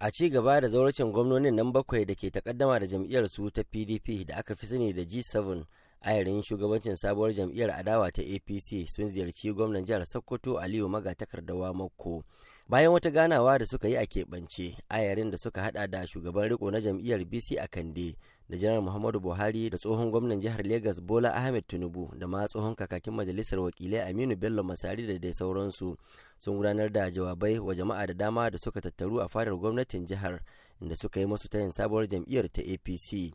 a ci gaba da zauracin gwamnonin nan bakwai da ke takaddama da jam'iyyar su ta pdp da aka fi sani da g7 ayarin shugabancin sabuwar jam'iyyar adawa ta apc sun ziyarci gwamnan jihar sokoto aliyu magatakardawa mako bayan wata ganawa da suka yi a keɓance ayarin da suka hada da shugaban riko na jam'iyyar bc a kande da janar muhammadu buhari da tsohon gwamnan jihar Legas bola ahmed tinubu da ma tsohon kakakin majalisar wakilai aminu bello masari da dai sauransu sun gudanar da jawabai wa jama'a da dama da suka tattaru a fadar gwamnatin jihar da suka yi masu tayin sabuwar jam'iyyar ta apc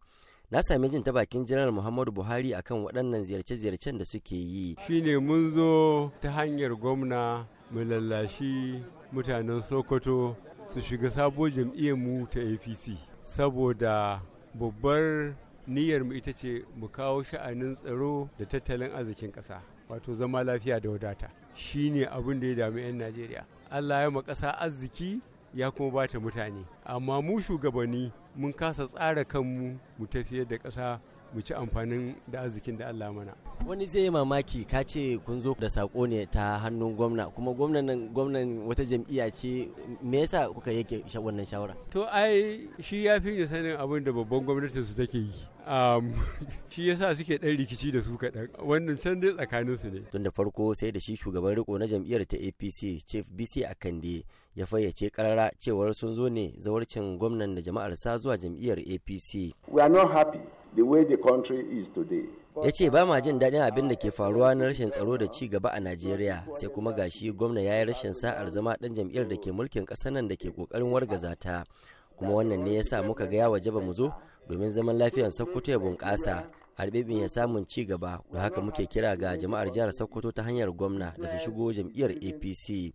na sami jin ta bakin janar muhammadu buhari akan waɗannan ziyarce-ziyarcen da suke yi shine mun zo ta hanyar gwamna mu lallashi mutanen sokoto su shiga sabo mu ta apc saboda babbar niyyar mu ita ce mu kawo sha'anin tsaro da tattalin arzikin ƙasa wato zama lafiya da wadata shi ne abin da ya dami 'yan najeriya allah ya ma ƙasa arziki ya kuma bata mutane amma mu shugabanni mun kasa tsara kanmu mu tafiyar da ƙasa mu ci amfanin da arzikin da Allah mana. Wani zai yi mamaki ka ce kun zo da sako ne ta hannun gwamna kuma gwamnan nan gwamnan wata jam'iyya ce me yasa kuka yake wannan shawara? To ai shi ya fi da sanin abin da babban gwamnatin su take yi. shi yasa suke ɗan rikici da su kaɗan wannan can dai tsakanin su ne. Tun da farko sai da shi shugaban riko na jam'iyyar ta APC Chief BC Akande ya fayyace karara cewar sun zo ne zawarcin gwamnan da jama'ar sa zuwa jam'iyyar APC. We are not happy the way the country is today. ya ce ba ma jin daɗin abin da ke faruwa na rashin tsaro da ci gaba a najeriya sai kuma gashi gwamna ya yi rashin sa'ar zama ɗan jam'iyyar da ke mulkin ƙasar nan da ke ƙoƙarin wargaza ta kuma wannan ne ya sa muka ga ya waje mu zo domin zaman lafiyar sokoto ya bunƙasa harbibin ya samun ci gaba da haka muke kira ga jama'ar jihar sokoto ta hanyar gwamna da su shigo jam'iyyar apc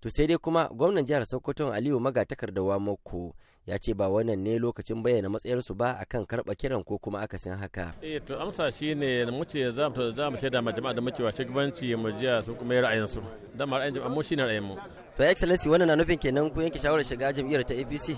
to sai dai kuma gwamnan jihar sokoton aliyu magatakarda wa mako ya ce ba wannan ne lokacin bayyana matsayarsu ba a kan karɓa kiran ko kuma akasin haka. Eh to amsa shi ne mu ce za mu za mu shaida ma jama'a da muke wa shugabanci mu jiya su kuma yi ra'ayinsu. Da ma ra'ayin jama'a mu ne ra'ayin mu. To excellency wannan na nufin kenan ku yanke shawarar shiga jam'iyyar ta APC.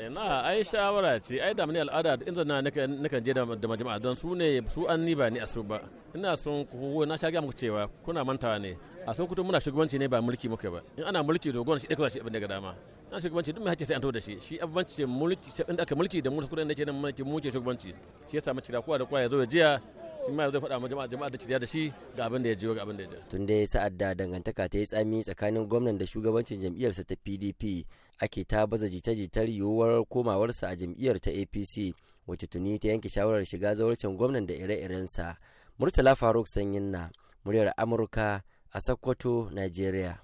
na ai shawara ce ai da mani al'ada in na nakan je da majama'a don su ne su an ni ba ni a su ba ina son ku na sha muku cewa kuna mantawa ne a so kuto muna shugabanci ne ba mulki muke ba in ana mulki dogon shi ɗaya shi abin daga dama na shugabanci duk mai hakki sai an to da shi shi abubanci mulki inda aka mulki da mulki kudin da ke nan mulki mu ke shugabanci shi yasa mace da kowa da kowa ya zo ya jiya shi ma zai faɗa ma jama'a jama'a da ciya da shi ga abin da ya jiyo ga abin da ya jiyo. Tun dai sa'ad da dangantaka ta yi tsami tsakanin gwamnan da shugabancin jam'iyyarsa ta PDP ake ta baza jita-jitar yiwuwar komawarsa a jam'iyyar ta APC wacce tuni ta yanke shawarar shiga zawarcin gwamnan da ire-irensa. Murtala Faruk Sanyin na muryar Amurka a Sokoto, Najeriya.